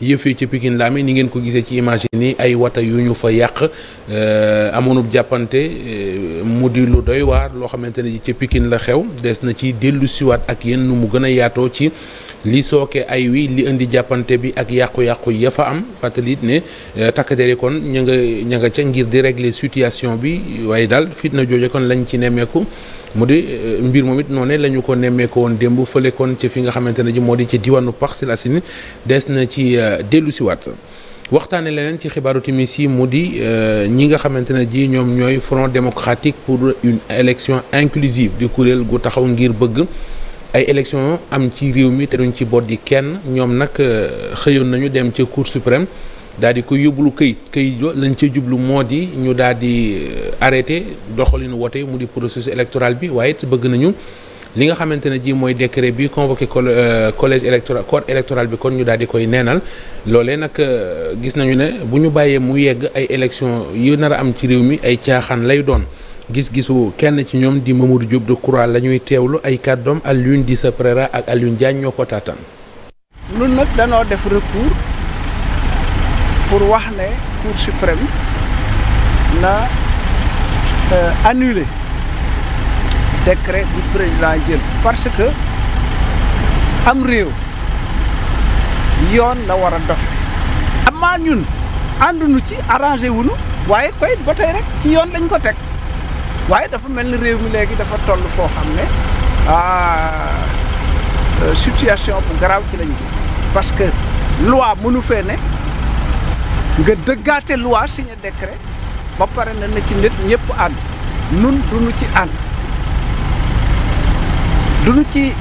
yëfee ca Pikine la amee ni ngeen ko gisee ci image yi nii ay wata yu ñu fa yàq euh, amoonub jàppante euh, mu di lu doy waar loo xamante ne ji ca Pikine la xew des na ci dellu siwaat ak yéen nu mu gën a yaatoo ci li sooke ay wi li indi jàppante bi ak yàqu-yàqu ya fa am fàttali ne eh, takkateer yi kon ña nga ña nga ca ngir di régler situation bi waaye daal fitna jooju kon lañu ci nemmeeku mu di eh, mbir moom it noone la ñu ko nemmeeku woon démb fële kon ci fi nga xamante ne ji moo di ci diwaanu la Assainies des na ci eh, dellu siwaat waxtaane leneen ci xibaaru timis yi mu di ñi nga xamante ne ji ñoom ñooy Front démocratique pour une élection inclusive di kuréel gu taxaw ngir bëgg ay élection am ci réew mi te duñ ci boot yi kenn ñoom nag euh, xëyoon nañu dem ca cour suprême daal di ko yóbbulu këyit këyit lañ ca jublu moo di ñu daal di euh, arrêté doxalinu wote mu di processus électoral bi waaye it bëgg nañu li nga xamante ne ji mooy décret bi convoqué euh, collège électoral corps électoral bi kon ñu daal di koy neenal loolee nag gis nañu ne bu ñu bàyyee mu yegg ay élection yu nar a am ci réew mi ay caaxaan lay doon gis-gisu kenn ci ñoom di Mamadou Diop Decroix la ñuy teewlu ay kàddoom Alioune Dissa Prera ak Alioune Diagne ñoo ko taataan. ñun nag danoo def recours pour wax ne cour suprême na euh, annuler décret bu président jël parce que am réew yoon la war a dox amaa ñun ànduñu ci arrangé wuñu waaye koy ba rek ci yoon lañ ko teg. waaye dafa mel ni réew mi léegi dafa toll foo xam ne ah, euh, situation bu garaaw ci lañu parce que loi mënu fee ne nga dëggaate loi signé décret ba pare na na ci nit ñëpp ànd nun duñu ci ànd duñu ci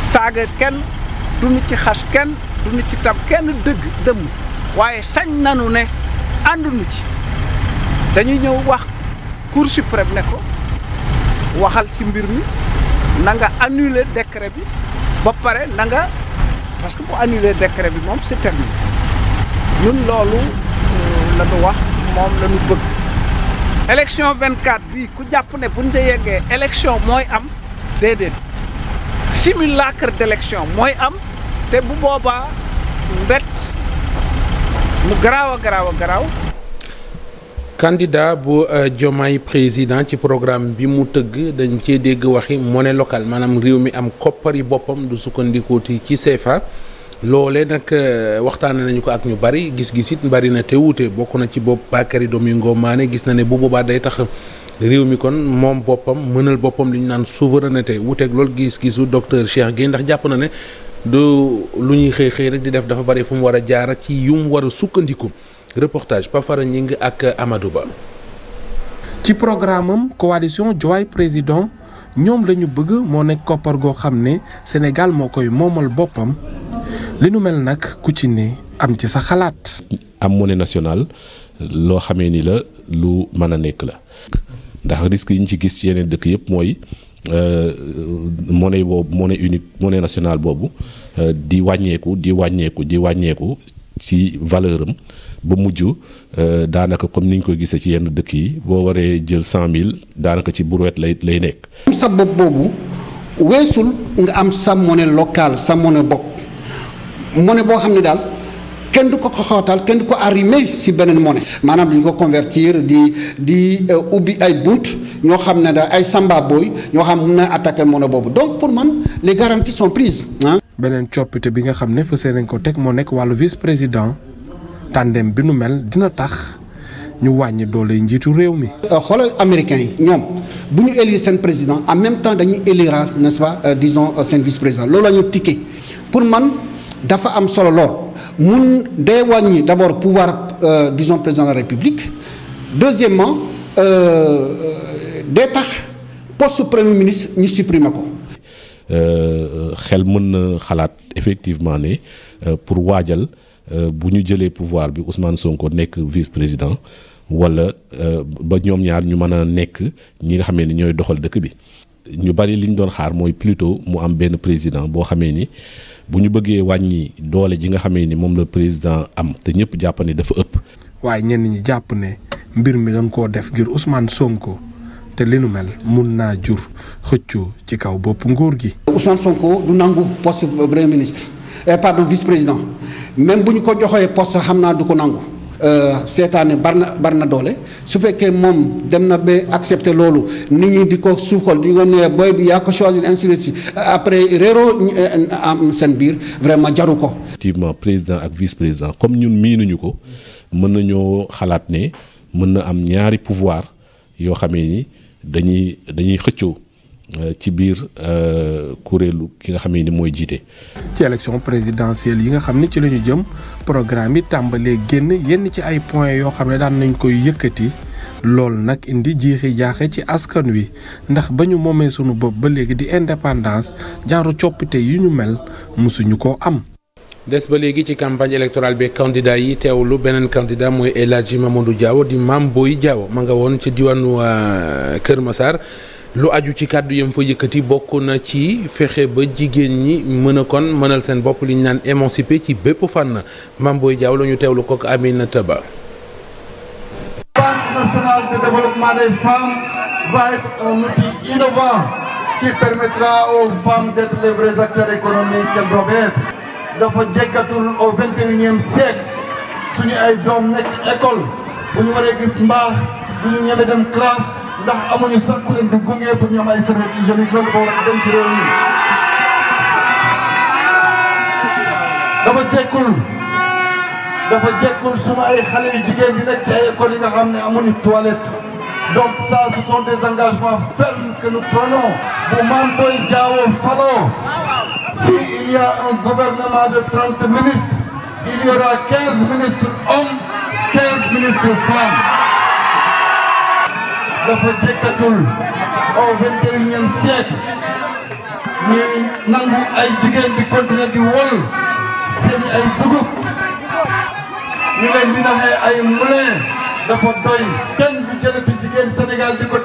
saaga kenn duñu ci xas kenn duñu ci tam kenn dëgg dëmm waaye sañ nanu ne àndunu ci dañuy ñëw wax cour suprême ne ko waxal ci mbir mi na nga annuler décret bi ba pare na nga parce que mu annule décret bi moom c'est terminé ñun loolu euh, la wax moom la ñu bëgg vingt 24 bii ku jàpp ne buñ sa yeggee élection mooy am déedéet simulacre d'élection mooy am te bu boobaa mbett mu garaaw a a garaaw candidat bu euh, Diomaye président ci programme bi mu tëgg dañ cee dégg waxi monnaie locale maanaam réew mi am koppari boppam du sukkandikooti ci CFA loole nag euh, waxtaane nañu ko ak ñu bari gis-gis it bari na te wuute bokk na ci bopp Bakary Domingo maane gis na ne bu boobaa day tax réew mi kon moom boppam mënal boppam li ñu naan souveraineté wuuteeg loolu gis-gisu docteur Cheikh gi ndax jàpp na ne du lu ñuy xëy xëy rek di def dafa bari fu mu war a jaar ak ci yu war a sukkandiku. reportage Pape Fara Gningue ak Amadou ci programme am coalition Diomaye Président ñoom lañu bëgg moo nekk koppar goo xam ne Sénégal moo koy moomal boppam li nu mel nag ku ci ne am ci sa xalaat. am monnaie national loo xamee ni la lu mën a nekk la ndax risque yi ñu ci gis ci yeneen dëkk yëpp mooy euh, monnaie boobu monnaie unique monnaie national boobu euh, di wàññeeku di wàññeeku di wàññeeku ci valeur am ba mujj euh, daanaka comme ni ñu ko gisee ci yenn dëkk yi boo waree jël cent mille daanaka ci brouette lay lay nekk. sa bopp boobu weesul nga am sa monnaie locale sa monnaie bopp monnaie boo xam ne daal. kenn du ko xootal kenn du ko arrimer si beneen monnaie. maanaam dañu ko convertir di di euh, ubbi ay bunt ñoo xam ne daal ay samba booy ñoo xam mun na attaquer monnaie boobu donc pour man les garanties sont beneen coppite bi nga xam ne fësee nañ ko teg moo nekk wàllu vice président tandem bi nu mel dina tax ñu wàññi doole njiitu réew mi. Euh, xoolal américains yi ñoom bu ñu élire seen président en même temps dañuy éliraat n'est-ce pas euh, disons euh, seen vice président loolu la ñu pour man dafa am solo lool mun day wàññi d'abord pouvoir disons président de la république deuxièmement day tax poste premier ministre ñu supprimer ko. xel mën na xalaat effectivement ne euh, pour waajal euh, bu ñu jëlee pouvoir bi Ousmane Sonko nekk vice-président wala euh, ba ñoom ñaar ñu mën a nekk ñi nga xamee ni ñooy doxal dëkk bi ñu bari li doon xaar mooy plutôt mu am benn président boo xamee ni bu ñu bëggee wàññi doole ji nga xamee ni moom la président am te ñëpp jàpp ne dafa ëpp. waaye ñenn ñi jàpp ne mbir mi dañ koo def ngir Ousmane Sonko. te li nu mel mun naa jur xëccoo ci kaw bopp nguur gi. Ousmane Sonko du nangu poste premier ministre pardon vice président même bu ñu ko joxee poste xam naa du ko nangu. Euh, seetaane bar na bar na doole su fekkee moom dem na ba accepté loolu nit ñi di ko suuxal di ko nee booy bi yaa ko choisir ainsi de suite après réeroo euh, am seen biir vraiment jaru ko. effectivement président ak vice président comme ñun miinuñu ko mën nañoo xalaat ne mën na am ñaari pouvoir yoo xamee ni. dañuy dañuy xëccoo euh, ci biir euh, kuréelu ki nga xam ne ni mooy jiite. ci élection présidentielle yi nga xam ne ci lañu jëm programme yi tàmbalee génn yenn ci ay points yoo xam ne daan nañ koy yëkkati loolu nag indi jiixi jaaxe ci askan wi ndax ba ñu moomee sunu bopp ba léegi di indépendance jaaru coppite yu ñu mel mosuñu koo am. des ba léegi ci campagne électorale bi candidat yi lu beneen candidat mooy El Hadji Mamadou Diaw di Mame booy Diaw ma nga woon ci diwaanu euh, Kër Massar lu aju ci kàddu yam fa yëkkati bokk na ci fexe ba jigéen ñi mën a kon mënal seen bopp li ñu naan émancipé ci bépp fànn Mame booy Diaw la ñu teewlu kook Aminata Ba. dafa jekkatul au vingt et unième siècle suñu ay doom nekk école bu ñu gis mbaax bu ñu ñeme dem classe ndax amuñu sax ku leen di pour ñu am ay serviette hygiénique loolu dafa war a dem ci réew mi dafa jekkul dafa jekkul suma ay xale jigéen di nekk ay école yi nga xam ne amuñu toilette donc ça ce sont des engagements fermes que nous prenons bu maam booy jaawoo faloo S'il y a un gouvernement de 30 ministres, il y aura 15 ministres hommes, 15 ministres femmes. dafa jëkkatul au vingt-et-unième nangu ay jigéen di continuer di wol seeni ay dugub ñu leen di ay moulin dafa doy kenn du jëlati jigéen Sénégal di ko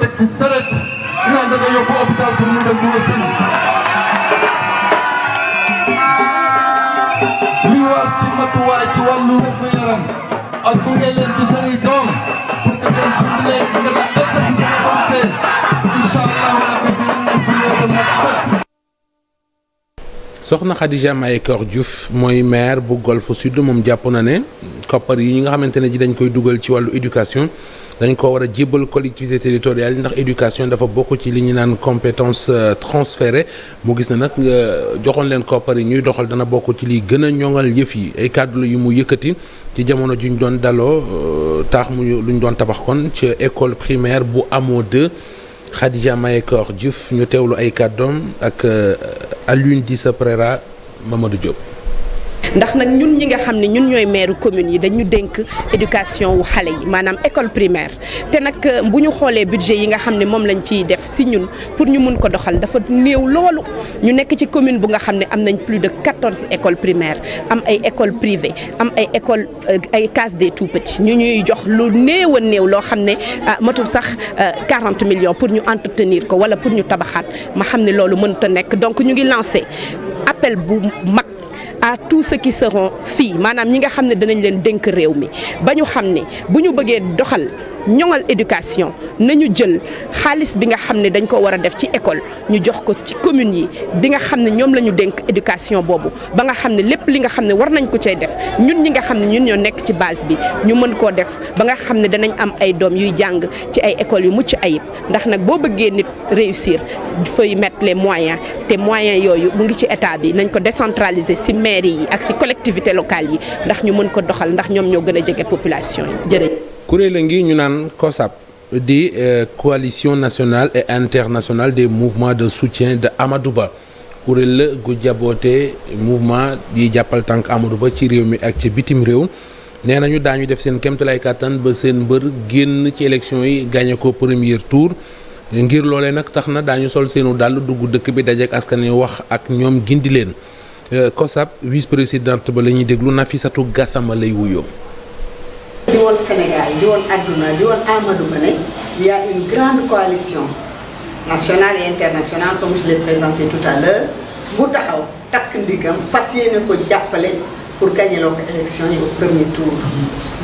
soxna Khadija Maye Koor Diouf mooy maire bu Golf Sud moom jàpp na ne koppar yi nga xamante ne ji dañ koy dugal ci wàllu éducation dañ ko war a jébbal collectivité territoriale yi ndax éducation dafa bokk ci li naan compétence euh, transférée mu gis na nag nga euh, joxoon leen koppar yi ñuy doxal dana bokk ci liy gën a ñoŋal yëf yi ay kàddu la yu mu yëkkati ci jamono ju ñu doon daloo euh, taax mu lu ñu doon tabax kon ci école primaire bu amoo 2 Khadija Maye Koor Diouf ñu teewlu ay kàddoom ak. Alioune Dissa Préra Mamadou Diop. ndax nag ñun ñi nga xam ne ñun ñooy maire commune yi dañu dénk éducation wu xale yi maanaam école primaire te nag euh, bu ñu xoolee budget yi nga xam ne moom lañ ciy def si ñun pour ñu mun ko doxal dafa néew loolu ñu nekk ci commune bu nga xam ne am nañ plus de quatorze école primaire am ay écoles privées am ay écoles euh, ay cases des tout petits ñu ñuy jox lu néew a néew loo xam ne ah, matul sax euh, quarante millions pour ñu entretenir ko wala pour ñu tabaxaat ma xam ne loolu mënut a nekk donc ñu ngi lancé appel bu mag. à tous ceux qui seront fii maanaam ñi nga xam ne danañ leen dénk réew mi ba ñu xam ne bu ñu bëggee doxal ñoŋal éducation nañu jël xaalis bi nga xam ne dañ ko war a def ci école ñu jox ko ci communes yi bi nga xam ne ñoom la ñu dénk éducation boobu ba nga xam ne lépp li nga xam ne war nañ ko cay def ñun ñi nga xam ne ñun ñoo nekk ci base bi ñu mën koo def ba nga xam ne danañ am ay doom yuy jàng ci ay écoles yu mucc ayib ndax nag boo bëggee nit réussir dafay mettre les moyen te moyens yooyu mu ngi ci état bi nañ ko décentraliser ci mairie yi ak ci collectivité locale yi ndax ñu mën ko doxal ndax ñoom ñoo gën a jege population yi kuréel a ngi ñu naan COSAP di euh, coalition nationale et internationale des mouvements de soutien de Amadou Ba kuréel la gu jaboote mouvement yi jàppal tànk Amadou Ba ci réew mi ak ci bitim réew nee nañu daañu def seen kéemtalaay kàttan ba seen mbër génn ci élection yi gagné ko premier tour ngir loole nag tax na daañu sol seenu dàll dugg dëkk bi dajeek askan wi wax ak ñoom gindi leen euh, COSAP vice présidente ba la ñuy déglu Nafissatou Gassama lay wuyoo. di woon Sénégal di woon àdduna di woon Amadou Ba ne y a une grande coalition nationale et internationale comme je l'ai présenté tout à l'heure bu taxaw takk ndigam fas yéene ko jàppale pour gagner l'élection au premier tour.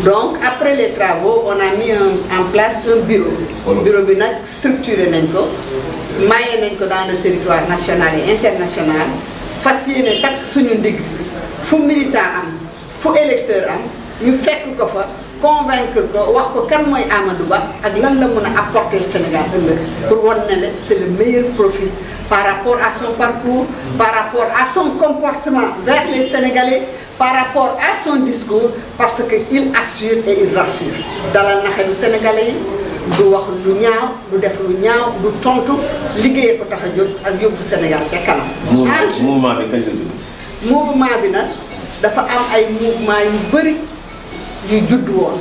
donc après les travaux on a mis en place un bureau. bureau nag structuré nañ ko. maye nañ ko dans le territoire national et international fas yéene takk suñu ndigg fu militant am fu électeur am ñu fekk ko fa. convaincre ko wax ko kan mooy Amadou Ba ak lan la mën a apporter le Sénégal ëllëg pour wan ne c'est le meilleur profil par rapport à son parcours par rapport à son comportement vers les Sénégalais par rapport à son discours parce que il assure et il rassure dalal na xelu Sénégalais yi du wax lu ñaaw du def lu ñaaw du tontu liggéey ko tax ak yóbbu Sénégal ca kanam. Ah, mouvement bi kañ la jóg mouvement bi nag dafa am ay mouvement yu bëri. yu judd woon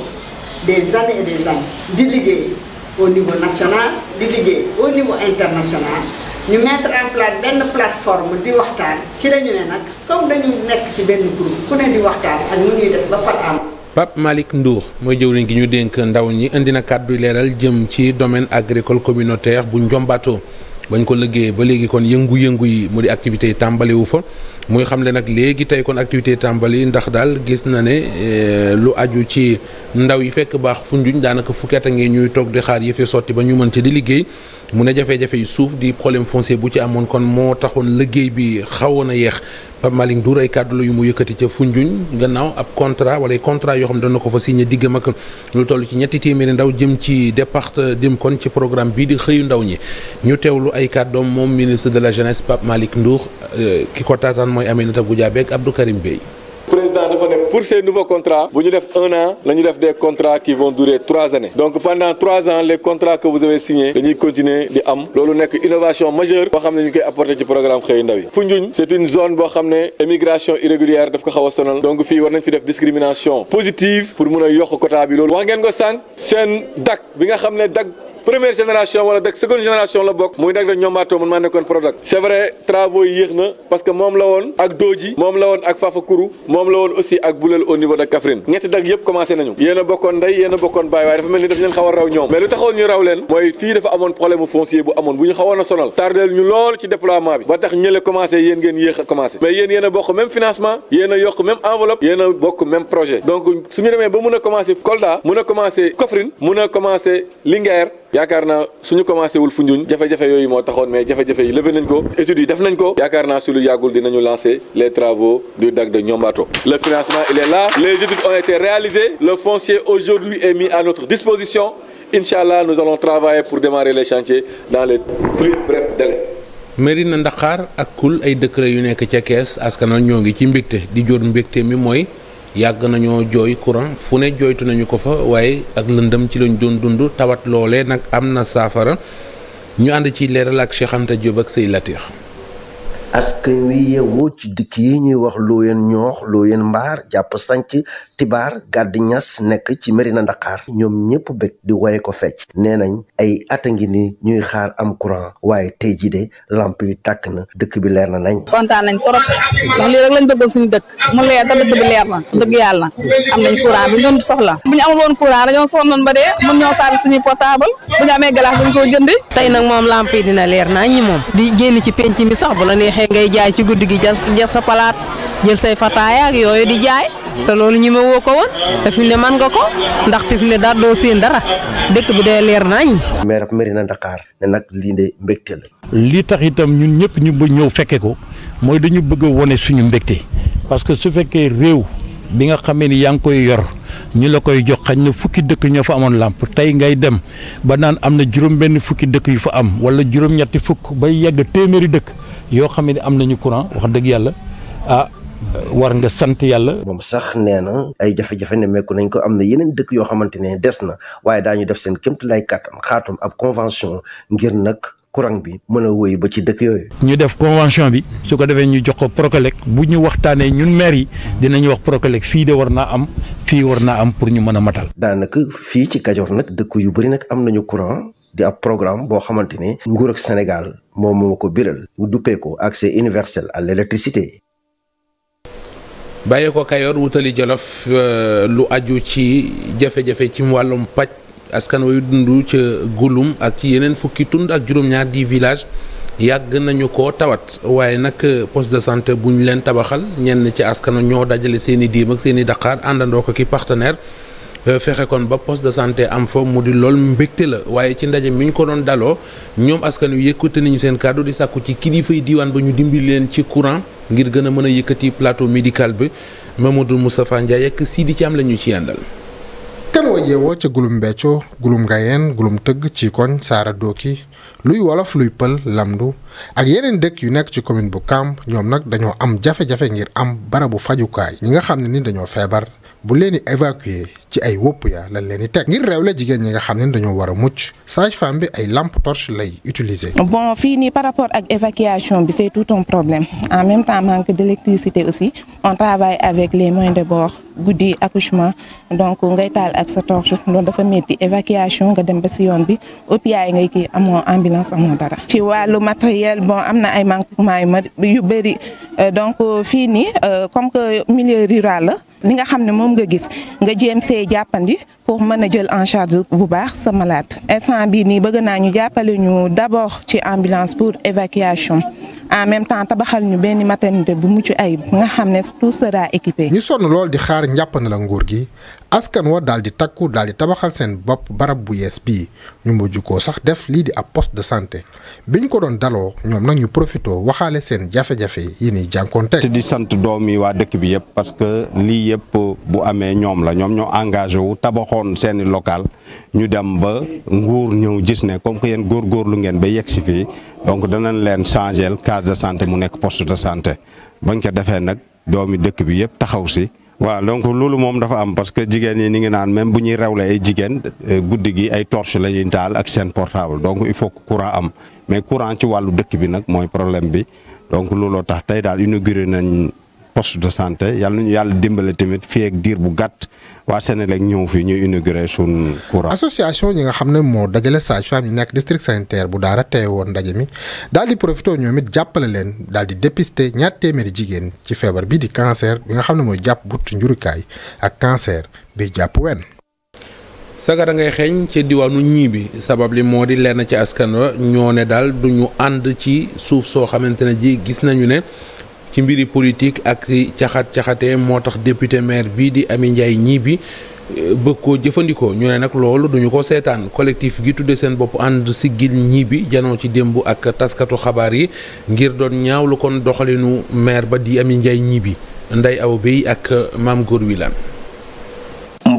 des années et des années di liggéey au niveau national di liggéey au niveau international ñu mettre en place benn plateforme di waxtaan ci la ne nag comme dañu nekk ci benn groupe ku ne di waxtaan ak ñu ñuy def ba far am. Pape Malick Ndour mooy jëwriñ gi ñu dénk ndaw ñi indi na kàddu leeral jëm ci domaine agricole communautaire bu Njombato. bañ ko liggéeyee ba léegi kon yëngu-yëngu yi mu di activités yi tàmbaliwu fa muy xam le nag léegi tey kon activité tàmbali ndax daal gis na ne eh, lu aju ci ndaw yi fekk baax funjuñ daanaka fukkeet a ngi ñuy toog di xaar yëfe sotti ba ñu mën ci di liggéey mu ne jafe-jafe yi suuf di problème foncier bu ci amoon kon moo taxoon liggéey bi xawoon a yeex Pape Malick Ndour ay kàddu yu mu yëkkati ca Foundiougne gannaaw ab contrat wala ay contrat yoo xam ne dana ko fa signé diggam ak lu toll ci ñetti téeméeri ndaw jëm ci départ dim kon ci programme bii di xëyu ndaw ñi ñu teewlu ay kàddoom moom ministre de la jeunesse Pape Malick Ndour euh, ki ko taataan mooy Aminata Goudiaby ak Abdou Karim Bey pour ces nouveaux contrats bu ñu def un an la ñu def des contrats qui vont durer trois années donc pendant trois ans les contrats que vous avez signés dañuy continuer di am loolu nekk innovation majeure boo xam ne ñu koy apporter ci programme xëyu ndaw yi Foundiougne c'est une zone boo xam ne émigration irrégulière daf ko xaw a sonal donc fii war nañ fi def discrimination positive pour mun a yokk quota bi loolu wax ngeen ko sànq seen dak bi nga xam ne dak première génération wala dak seconde génération la bokk muy nag da ñoom baatoo man maa nekkoon Prodac c'est vrai travaux yi yéex na parce que moom la woon ak Dooji moom la woon ak Fafa Kourou moom la woon aussi ak Boulel au niveau de Kaffrine ñetti dak yëpp commencé nañu yéen a bokkoon ndey yéen a bokkoon baay waaye dafa mel ni daf leen xaw a raw ñoom mais lu taxoon ñu raw leen mooy fii dafa amoon problème foncier bu amoon bu ñu xawoon a sonal tardeel ñu lool ci déploiement bi ba tax ñële commencé yéen ngeen yéex a commencé mais yéen yéen a bokk même financement yéen a yokk même enveloppe yéen a bokk même projet donc suñu demee ba mun a commencé Kolda mun a commencé Kaffrine mun a commencé Linguère yaakaar naa suñu commencé wul Foundiougne jafe-jafe yooyu moo taxoon mais jafe-jafe yi levé nañ ko études yi def nañ ko yaakaar naa su lu yàggul dinañu lancer les travaux du DAC de Niombato le financement il est là les études ont été réalisées le foncier aujourd'hui est mis à notre disposition Inch'Allah nous allons travailler pour démarrer les chantiers dans les plus brefs délais Mérina Ndakhar ak Koul ay dëkk la yu nekk ca Kees askanal ñoo ngi ci mbégte di jóor mbégte mi mooy yàgg nañoo jooy courant fu ne jooytu nañu ko fa waaye ak lëndëm ci lañ doon dund tawat loole nag am na saafara ñu ànd ci leeral ak Cheikh Anta ak Sey Latir askan wi yeewoo ci dikk yi ñuy wax looyeen ñoox looyeen mbaar jàpp sanc tibaar gàdd ñas nekk ci Mérina Dakhar ñoom ñëpp bëgg di woye ko fecc nee nañ ay at a ngi ni ñuy xaar am courant waaye tey jii de lamp yi tàkk na dëkk bi leer na nañ kontaan nañ trop ndax lii lañ bëggoon suñu dëkk mu leer te dëkk bi leer na dëgg yàlla am nañ courant bi ñu amul woon courant dañoo sonnoon ba dee mun ñoo saabi suñuy portable bu ñu amee glace dañ koo jënd tey nag moom lamp yi dina leer nañ ñi moom di neexee ngay jaay ci guddi gi jël sa palaat jël say fataaya ak yooyu di jaay te loolu ñi ma woo ko woon ne man nga ko ndax te ne daal doo seen dara dëkk bi day leer nañ maire Mérina Dakhar ne nag lii de mbégte la lii tax itam ñun ñëpp ñu ba ñëw fekke ko mooy dañu bëgg a wone suñu mbégte parce que su fekkee réew bi nga xamee ni yaa ngi koy yor ñu la koy jox xañ na fukki dëkk ñoo fa amoon làmp tey ngay dem ba naan am na juróom benn fukki dëkk yu fa am wala juróom-ñetti fukk bay yegg téeméeri dëkk yoo xam ne am nañu courant wax dëgg yàlla ah war nga sant yàlla. moom sax nee na ay jafe-jafe ne mekku nañ ko am na yeneen dëkk yoo xamante ne des na waaye daañu def seen kéemtulaay kàttan xaatum ab convention ngir nag courant bi mën a wéy ba ci dëkk yooyu. ñu def convention bi su ko defee ñu jox ko Procolec bu ñu waxtaanee ñun maire yi dinañu wax Procolec fii de war naa am. fii war naa am pour ñu mën a matal. daanaka fii ci Kajoor nag dëkk yu bari nag am nañu courant di ab programme boo xamante ni nguur ak Sénégal moom moo ko biral bu duppee ko accès universel à l'électricité bàyyi ko Kayoor wutali Jolof euh, lu aju ci jafe-jafe ci wàllum paj askan wayu dund ca Gouloum ak ci yeneen fukki tund ak juróom-ñaar di village yàgg nañu ko tawat waaye nag euh, poste de santé bu ñu leen tabaxal ñenn ci askan ñoo dajale seeni i diim ak seen i daqaar àndandoo ko ki partenaire Euh, fexe kon ba poste de santé am fa mu di lool mbégte la waaye ci ndaje mi ñu ko doon daloo ñoom askan wi yëkkati nañu seen kàddu di sàkku ci kilifa yi diiwaan ba ñu dimbali leen ci courant ngir gën a mën a yëkkati plateau médical bi Mamadou Moustapha Ndiaye ak Sidi Thiam la ñu ci yàndal kan wa yeewoo ca gulum mbecco gulum ngayeen gulum tëgg ci koñ saara dooki luy wolof luy pël lamdu ak yeneen dëkk yu nekk ci commune bu Kamp ñoom nag dañoo am jafe-jafe ngir am barabu fajukaay ñi nga xam ne ni dañoo feebar bu leen di ci ay wópp yaa lan leen teg ngir réew la jigéen ñi nga xam ne dañoo war a mucc sage femme bi ay lampe torche lay utiliser. bon fii nii par rapport ak évacuation bi c'est tout un problème en même temps manque d'électricité aussi on travaille avec les moyens de bord guddi accouchement donc ngay taal ak sa torche loolu dafa métti évacuation nga dem ba si yoon bi opiyaay ngay kii amoo ambulance amoo dara. ci wàllu matériel bon am na ay manquement yu bëri euh, donc fii nii euh, comme que milieu rural la. li nga xam ne moom nga gis nga jéem see jàppandi pour mën a jël en charge bu baax sa malade instant bii nii bëgg naa ñu jàppale ñu d'abord ci ambulance pour évacuation en même temps tabaxal ñu benn maternité bu mucc ayib nga xam ne tout sera équipé. ñu sonn lool di xaar njàpp na la nguur gi askan wa daal di takku daal di tabaxal seen bopp barab bu yees bii ñu mujj koo sax def lii di ab post de santé biñ ko doon daloo ñoom nag ñu profité waxaale seen jafe-jafe yi ni jànkoonte. te di sant doom yi waa dëkk bi yëpp parce que lii yëpp bu amee ñoom la ñoom ñoo engagé wu tabaxoon yoroon seeni local ñu dem ba nguur ñëw gis ne comme que góor góorgóorlu ngeen ba yegg si fii donc danañ leen changé case de santé mu nekk poste de santé bañ ko defee nag doomi dëkk bi yëpp taxaw si. waaw donc loolu moom dafa am parce que jigéen yi ni ngi naan même bu ñuy rewle ay jigéen euh, guddi gi ay torche la ñuy taal ak seen portable donc il faut que courant am mais courant ci wàllu dëkk bi nag mooy problème bi donc looloo tax tey daal inauguré nañ. poste de santé yàlla nañu yàlla dimbale tamit fii ak diir bu gàtt waa Sénélec ñëw fi ñu inauguré sun courant. association ñi nga xam ne moo dajale sage-femme yi nekk district sanitaire bu daara teye woon ndaje mi daal di profité ñoom it jàppale leen daal di dépister ñaar téeméeri jigéen ci feebar bii di cancer bi nga xam ne mooy jàpp buttu njurukaay ak cancer bi jàpp wenn sagara ngay xeeñ ci diwaanu ñii bi sabab li moo di lenn ci askan wa ñoo ne daal du ñu ànd ci suuf soo xamante ne ji gis nañu ne. ci mbiri politique ak caxaat caxat moo tax député maire bii di ami Ndiaye Gniby euh, bëgg koo jëfandikoo ñu ne nag loolu duñu ko seetaan collectif gi tudde seen bopp ànd siggil Gniby janoo ci démb ak taskatu xabaar yi ngir doon ñaawlu kon doxalinu maire ba di Amy Ndiaye Gniby nday aw béy ak maam góor wi lan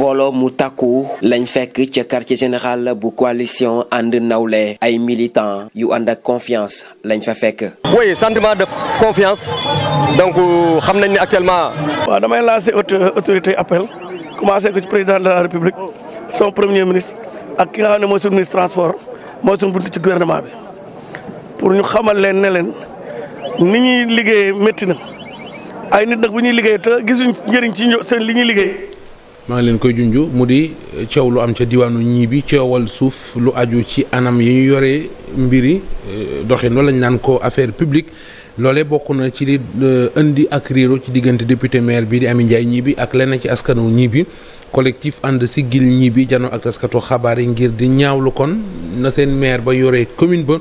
mbooloo mu takku lañ fekk ca quartier général bu coalition ànd nawle ay militants yu ànd ak confiance lañ fa fekk. oui sentiment de confiance donc euh, xam nañ ne actuellement. waaw damay lancer autorité appel commencé ko ci président de la république son premier ministre ak ki nga xam ne mooy suñu ministre transport moo suñu buntu ci gouvernement bi pour ñu xamal leen ne leen ni ñuy liggéeyee métti ay nit nag bu ñuy liggéey te gisuñ njëriñ ci seen li ñuy maa ngi leen koy junj mu di eh, coow lu am ca diwaanu ñii bi coowal suuf lu aju ci anam yi ñu yoree mbiri eh, doxin loolu lañ naan ko affaire publique loole bokk na ci li eh, indi ak réero ci diggante député maire bi di ami Ndiaye ñii ak lenn ci askanu ñii bi collectif ànd siggil ñii bi janoo ak taskatu xabaar yi ngir di ñaawlu kon na seen maire ba yoree commune ba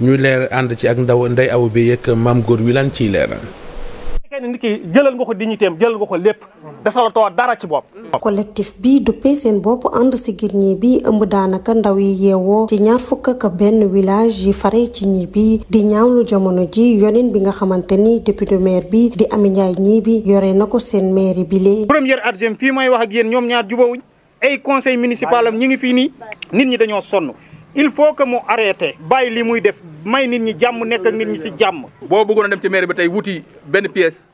ñuy leer ànd ci ak ndaw nday aw bi yëkk maam góor wi lan ciy leeral fekkee ne nit ki jëlal nga ko dignité am jëlal nga ko lépp desalatoo dara ci bopp. collectif bi duppee seen bopp ànd si ngir ñibbi ëmb daanaka ndaw yi yeewoo ci ñaar fukk benn village yi fare ci ñibbi di ñaawlu jamono ji yoneen bi nga xamante ni député maire bi di Amy Ndiaye ñibbi yore na ko seen maire bi lee. première adjoint fii may wax ak yéen ñoom ñaar jubawuñ ay conseil municipal am ñi ngi fii nii nit ñi dañoo sonn il faut que mu arrêté bàyyi li muy def may nit ñi jàmm nekk ak nit ñi ci jàmm. boo bëggoon a dem ci maire bi tey wuti benn pièce.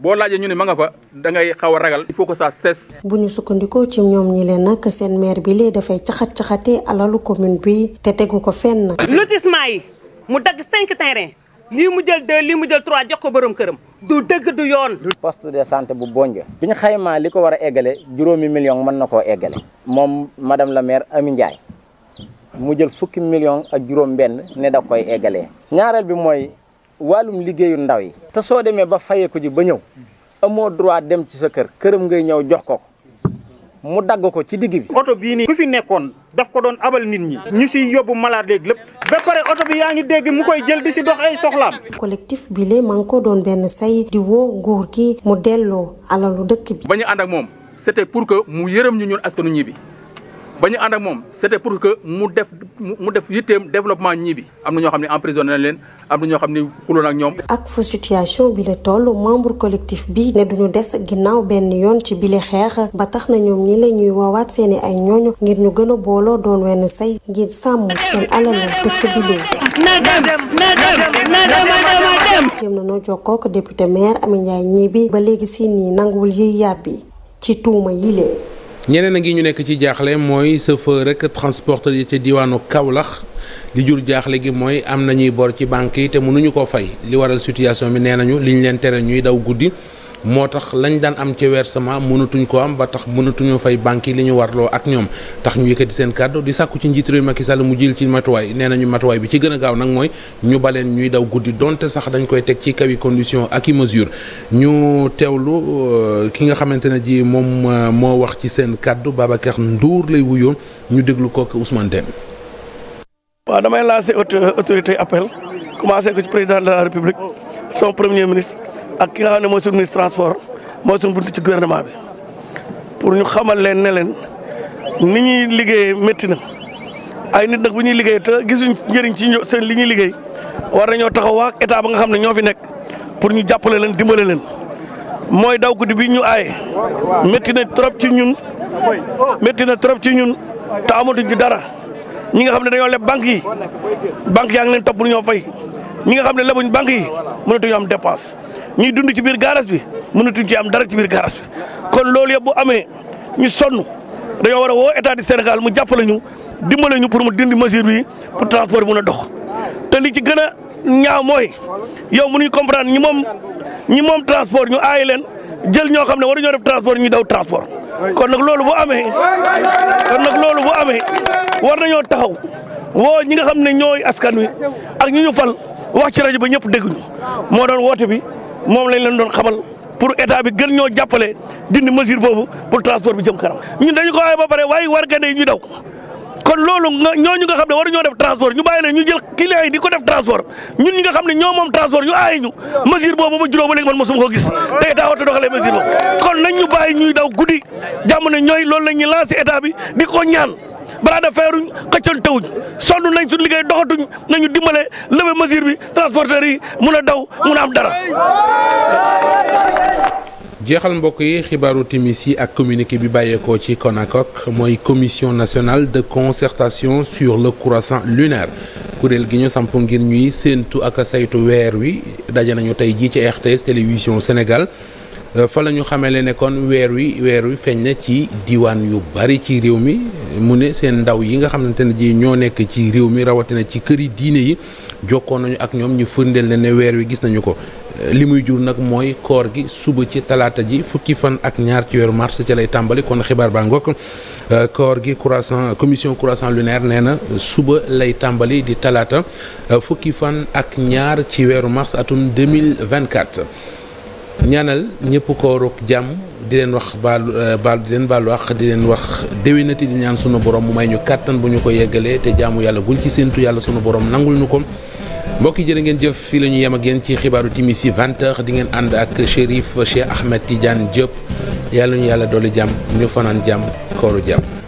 boo laajee ñu ne ma nga fa da ngay xaw a ragal. il faut que ça cesse. bu ñu sukkandikoo ci ñoom ñi leen nag seen maire bi lii dafay caxat caxatee alalu commune bi te tegu ko fenn. lotissement yi mu dagg cinq terrain lii mu jël deux mu jël trois jox ko borom këram. du dëgg du yoon. poste de santé bu bonja bi ñu xaymaa li ko war a eggale juróomi million mën na koo eggale. moom madame la maire Amy Ndiaye mu jël fukki million ak juróom benn ne da koy eggalee. ñaareel bi mooy wàllum liggéeyu ndaw yi te soo demee ba fayee ko ji ba ñëw amoo droit dem ci sa kër këram ngay ñëw jox ko mu dagg ko ci digg bi oto bii nii ku fi nekkoon daf ko doon abal nit ñi ñu siy yóbbu malade léegi lépp ba pare oto bi yaa ngi dégg mu koy jël di si dox ay soxlaam collectif bi lee maa ngi ko doon benn say di woo nguur gi mu delloo alalu dëkk bi ba ñu ànd ak moom c'était pour que mu yërëm ñu ñun askanu ñi bi ba ñu pour que mu def mu def yitteem développement ñii bi am na ñoo xam ne emprisonné nañ leen am na ñoo xam ne xuloon ak ñoom. ak fa situation bi la toll membre collectif bi ne duñu des ginnaaw benn yoon ci bile xeex ba tax na ñoom ñi la ñuy woowaat seeni ay ñooñu ngir ñu gën a booloo doon wenn say ngir sàmm seen alal dëkk bi lee. na dem na dem na dem jéem na noo jokkoo ko député maire Amy Ndiaye Gniby ba léegi si nii nanguwul yiy yàbbi ci tuuma yi lee. ñeneen a ngi ñu nekk ci jaaxle mooy chauffeur rek transporteur yi ci diwaanu Kaolack li jur jaaxle gi mooy am nañuy bor ci banque yi te mënuñu ko fay li waral situation bi nee nañu liñ leen tere ñuy daw guddi. moo tax lañ daan am ci versement mënatuñ ko am ba tax mënatuñoo fay banques yi li ñu warloo ak ñoom tax ñu yëkkati seen kàddu di sàkku ci njiit réew Macky Sall mu jël ci matuwaay nee nañu matuwaay bi ci gën a gaaw nag mooy ñu baleen ñuy daw guddi donte sax dañ koy teg ci kawi condition ak i mesure ñu teewlu euh, ki nga xamante ne ji moom euh, moo wax ci seen kàddu Babacar Ndour lay wuyoo ñu déglu kooku Ousmane Deme. waaw damay lancer autorité appel commencé ko ci président de ak ki nga xam ne mooy suñu ministre transport mooy suñu buntu ci gouvernement bi pour ñu xamal leen ne leen ni ñuy liggéeyee métti na ay nit nag bu ñuy liggéey te gisuñ njëriñ ci seen li ñuy liggéey war nañoo taxaw waa état ba nga xam ne ñoo fi nekk pour ñu jàppale leen dimbale leen mooy daw guddi bi ñu aaye métti na trop ci ñun métti na trop ci ñun te amatuñ ci dara ñi nga xam ne dañoo leb banques yi banques yaa ngi leen topp ñoo fay ñi nga xam ne lebuñ banques yi mënatuñu am dépense ñuy dund ci biir gaaraas bi mënatuñ ci am dara ci biir gaaraas bi kon loolu yëpp bu amee ñu sonn dañoo war a woo état du Sénégal mu jàppale ñu dimbale ñu pour mu dindi mesure bi pour transport bi mën a dox te li ci gën a ñaaw mooy yow mënuñu comprendre ñi moom ñi moom transport ñu aaye leen jël ñoo xam ne war waruñoo def transport ñu daw transport. kon nag loolu bu amee kon nag loolu bu amee war nañoo taxaw woo ñi nga xam ne ñooy askan wi ak ñu ñu fal wax ci rajo ba ñëpp dégguñu moo doon woote bi. moom lañ leen doon xamal pour état bi gën ñoo jàppale dindi mesure boobu pour transport bi jëm kanam ñun dañu ko waaye ba pare waaye wargane yi ñu daw kon loolu nga ñooñu nga xam ne waruñoo def transport ñu bàyyi leen ñu jël client di ko def transport ñun ñi nga xam ne ñoo moom transport ñu aayi ñu mesure boobu ba juróom ba léegi man mosuma ko gis te état wata doxalee mesure boobu kon nañ ñu ñuy daw guddi jàmm ñooy loolu la ñuy lancé di ko ñaan bras de feruñ xëccantewuñ sonn nañ suñ liggéey doxatuñ nañu dimbale lever mesure bi transporteurs yi mun a daw mun a am dara. jeexal mbokk yi xibaaru timis yi ak communiqué bi bàyyeekoo ci CONACOC mooy commission nationale de concertation sur le croissant lunaire kuréel gi ñu samp ngir ñuy séentu ak saytu weer wi daje nañu tey jii ci RTS télévision Sénégal. Euh, fa la ñu xamee le ne kon weer wi weer wi feeñ na ci diwaan yu bari ci réew mi mu ne seen ndaw yi nga xamante ne ji ñoo nekk ci réew mi rawatina ci këri diine yi jokkoon nañu ak ñoom ñu firndeel ne ne weer wi gis nañu ko euh, li muy jur nag mooy koor gi suba ci talaata ji fukki fan ak ñaar ci weeru mars ci lay tàmbali kon xibaar baa ngokk euh, koor gi croissant commission croissant lunaire nee na suba lay tàmbali di talaata fukki fan ak ñaar ci weeru mars atum 2024 ñaanal ñëpp ko rok jàmm di leen wax baalu euh, baal di leen baalu àq di leen wax déwénati di ñaan sunu borom mu may ñu kàttan bu ñu ko yeggalee te jaamu yàlla guñ ci séentu yàlla sunu borom nangul ñu ko mbokk yi jërë ngeen jëf fii la ñu yem ak yéen ci xibaaru timis yi 20 di ngeen ànd ak Chérif Cheikh Ahmed Tidiane jëpp yàlla ñu yàlla doole jàmm ñu fanaan jàmm kooru jàmm.